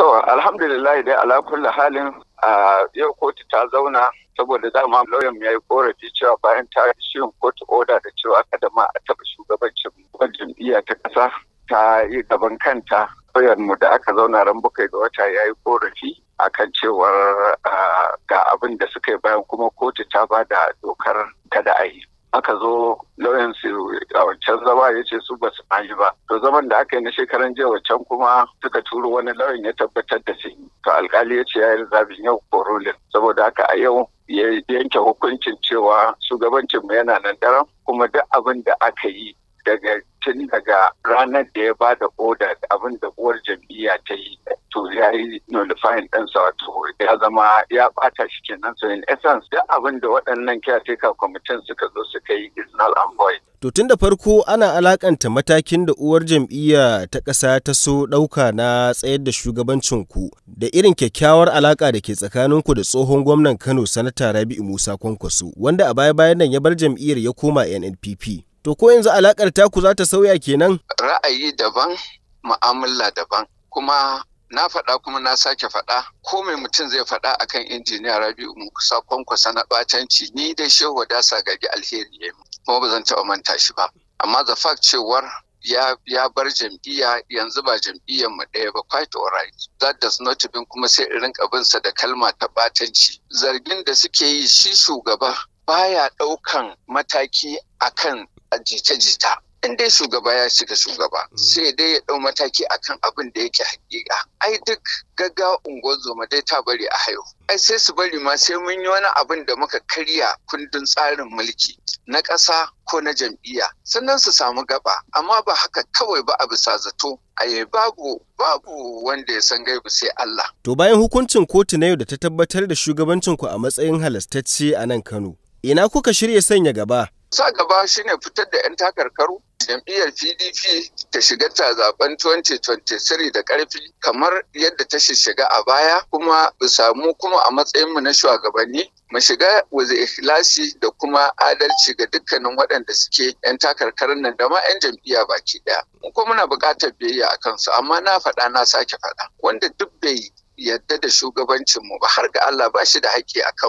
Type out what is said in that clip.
So, alhamdulillah dai ala kulli halin a yau kotu ta zauna saboda dama lauyan ya yi korafi cewa bayan ta shi kotu oda da cewa kadama ma a taɓa shugabancin iya ta ƙasa ta yi gaban kanta lauyan mu da aka zauna ran bakwai ga wata ya yi korafi akan cewar ga abin da suka yi bayan kuma kotu ta ba da dokar kada a yi. aka zo lauyan su a wancan zama ya ce su basu su yi ba to zaman da aka yi na shekaran jiya wancan kuma suka turo wani lauyan ya tabbatar da sun yi to alkali ya ce ya yi zabin yau korolin saboda haka a yau ya yanke hukuncin cewa shugabancin mu yana nan daram kuma duk abin da aka yi daga tun daga ranar da ya ba da oda abin da uwar jam'iyya ta yi to ya yi nulifying sa wato ya zama ya bata shi kenan so in essence da abin da waɗannan caretaker kwamitin suka zo suka yi is null and void. To tun da farko ana alakanta matakin da uwar jam'iyya ta ƙasa ta so ɗauka na tsayar da shugabancin ku da irin kyakkyawar alaka da ke tsakanin ku da tsohon gwamnan Kano sanata Rabi'u Musa Kwankwaso wanda a baya-bayan nan ya bar jam'iyyar ya koma NNPP. To ko yanzu alakar ku za ta sauya kenan? Ra'ayi daban, mu'amala daban, kuma na faɗa kuma na sake faɗa ko mai mutum zai faɗa akan injiniya rabi'u musa kwankwasa na ɓatanci ni dai shehu sa gage alheri ya kuma ba zan taɓa manta shi ba amma the fact cewar ya bar jam'iyya yanzu ba jam'iyyar mu ɗaya ba quite alright that does not bin kuma sai irin kabinsa da kalma ta ɓatanci zargin da suke yi shi shugaba baya ɗaukan mataki akan jita-jita in dai shugaba ya shiga shugaba mm. sai dai ya ɗau mataki akan abin da yake hakika ai duk gagga unguwar dai ta bari a haihu ai sai su bari ma sai mun yi wani abin da muka karya kundin tsarin mulki na ƙasa ko na jam'iyya sannan su samu gaba amma ba haka kawai ba a bisa zato aye babu babu wanda ya san gaibu sai Allah. To bayan hukuncin kotu na yau da ta tabbatar da shugabancin ku a matsayin halastacce a nan Kano, ina kuka shirya sanya gaba? sa gaba shine fitar da 'yan takarkaru jam'iyyar pdp ta shiga ta zaben 2023 da karfi kamar yadda ta shiga a baya kuma samu kuma a matsayinmu na shugabanni mu shiga waje ikhlasi da kuma adalci ga dukkanin waɗanda suke 'yan takarkar nan da ma 'yan jam'iyya baki ɗaya. kuma muna buƙatar biyayya a kansu amma na faɗa na sake faɗa wanda duk bai yadda da shugabancinmu ba har ga Allah ba shi da haƙƙi a kan